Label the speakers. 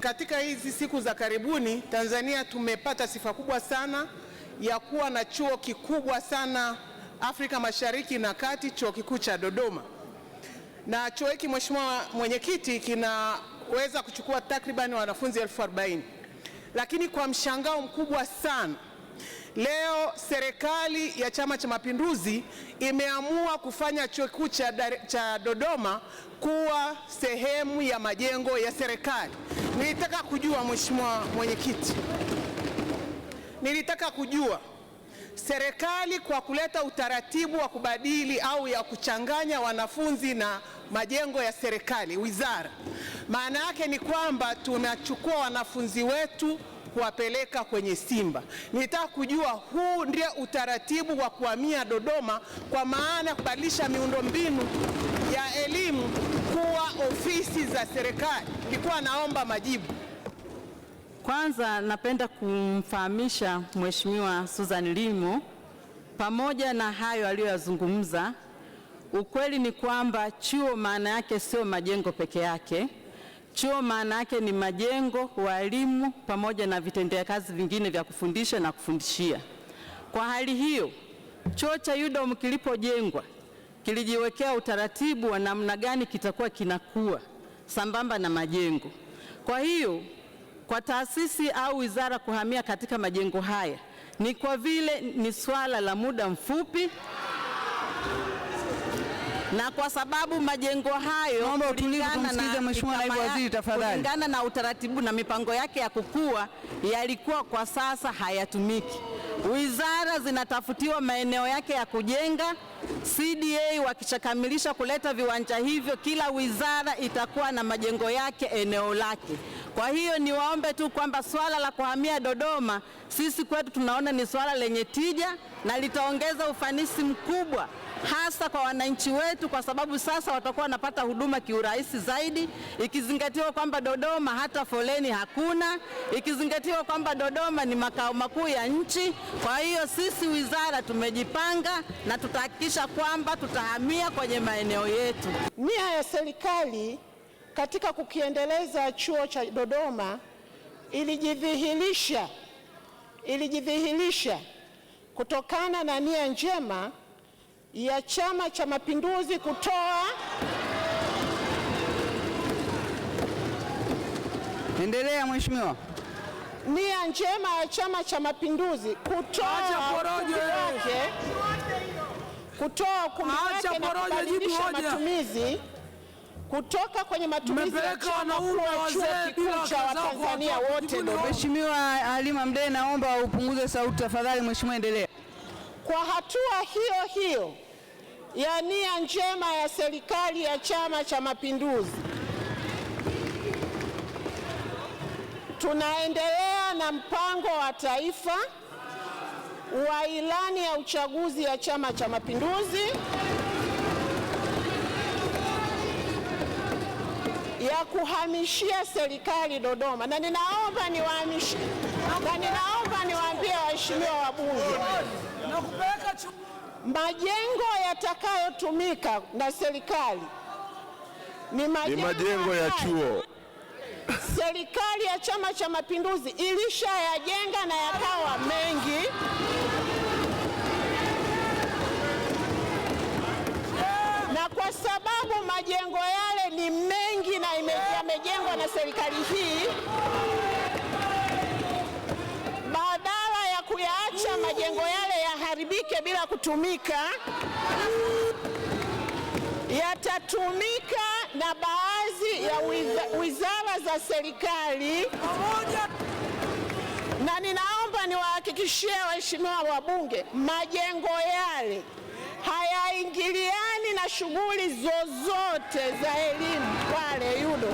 Speaker 1: Katika hizi siku za karibuni, Tanzania tumepata sifa kubwa sana ya kuwa na chuo kikubwa sana Afrika Mashariki na Kati, chuo kikuu cha Dodoma. Na chuo hiki Mheshimiwa Mwenyekiti, kinaweza kuchukua takribani wanafunzi elfu arobaini lakini kwa mshangao mkubwa sana leo serikali ya Chama cha Mapinduzi imeamua kufanya chuo kikuu cha Dodoma kuwa sehemu ya majengo ya serikali. Nilitaka kujua Mheshimiwa Mwenyekiti, nilitaka kujua serikali kwa kuleta utaratibu wa kubadili au ya kuchanganya wanafunzi na majengo ya serikali, wizara, maana yake ni kwamba tunachukua wanafunzi wetu kuwapeleka kwenye Simba. Nilitaka kujua huu ndio utaratibu wa kuhamia Dodoma, kwa maana kubadilisha miundombinu ya elimu kuwa ofisi za serikali? Nilikuwa naomba majibu.
Speaker 2: Kwanza napenda kumfahamisha Mheshimiwa Susan Limo, pamoja na hayo aliyoyazungumza, ukweli ni kwamba chuo maana yake sio majengo peke yake. Chuo maana yake ni majengo, walimu, pamoja na vitendea kazi vingine vya kufundisha na kufundishia. Kwa hali hiyo, chuo cha UDOM kilipojengwa kilijiwekea utaratibu wa namna gani kitakuwa kinakuwa sambamba na majengo. Kwa hiyo kwa taasisi au wizara kuhamia katika majengo haya ni kwa vile ni swala la muda mfupi na kwa sababu majengo hayo kulingana na, na utaratibu na mipango yake ya kukua yalikuwa kwa sasa hayatumiki. Wizara zinatafutiwa maeneo yake ya kujenga. CDA wakishakamilisha kuleta viwanja hivyo, kila wizara itakuwa na majengo yake eneo lake. Kwa hiyo niwaombe tu kwamba swala la kuhamia Dodoma sisi kwetu tunaona ni swala lenye tija na litaongeza ufanisi mkubwa hasa kwa wananchi wetu, kwa sababu sasa watakuwa wanapata huduma kiurahisi zaidi, ikizingatiwa kwamba Dodoma hata foleni hakuna, ikizingatiwa kwamba Dodoma ni makao makuu ya nchi. Kwa hiyo sisi wizara tumejipanga na tutahakikisha kwamba tutahamia kwenye maeneo yetu.
Speaker 3: Nia ya serikali katika kukiendeleza chuo cha Dodoma ilijidhihirisha ilijidhihirisha kutokana na nia njema ya Chama cha Mapinduzi kutoa
Speaker 4: Endelea mheshimiwa.
Speaker 3: Nia njema ya Chama cha Mapinduzi kutoa eh. kutoa kutoa kutoa kutoa kutoa kutoa kutoa kutoka kwenye matumizi
Speaker 4: ya wanaume wazee
Speaker 3: bila cha Watanzania wote.
Speaker 4: Mheshimiwa Halima Mdee, naomba upunguze sauti tafadhali. Mheshimiwa, endelea.
Speaker 3: Kwa hatua hiyo hiyo ya nia njema ya serikali ya Chama cha Mapinduzi, tunaendelea na mpango wa taifa wa ilani ya uchaguzi ya Chama cha Mapinduzi. ya kuhamishia serikali Dodoma, na ninaomba niwaambie waheshimiwa wabunge majengo yatakayotumika na serikali
Speaker 5: ni majengo ya chuo.
Speaker 3: Serikali ya Chama cha Mapinduzi ilishayajenga na yakawa mengi na kwa sababu majengo yaliyojengwa na serikali hii badala ya kuyaacha majengo yale yaharibike bila kutumika, yatatumika na baadhi ya wizara za serikali. Na ninaomba niwahakikishie waheshimiwa wabunge, majengo yale hayaingiliani na shughuli zozote za elimu pale yudo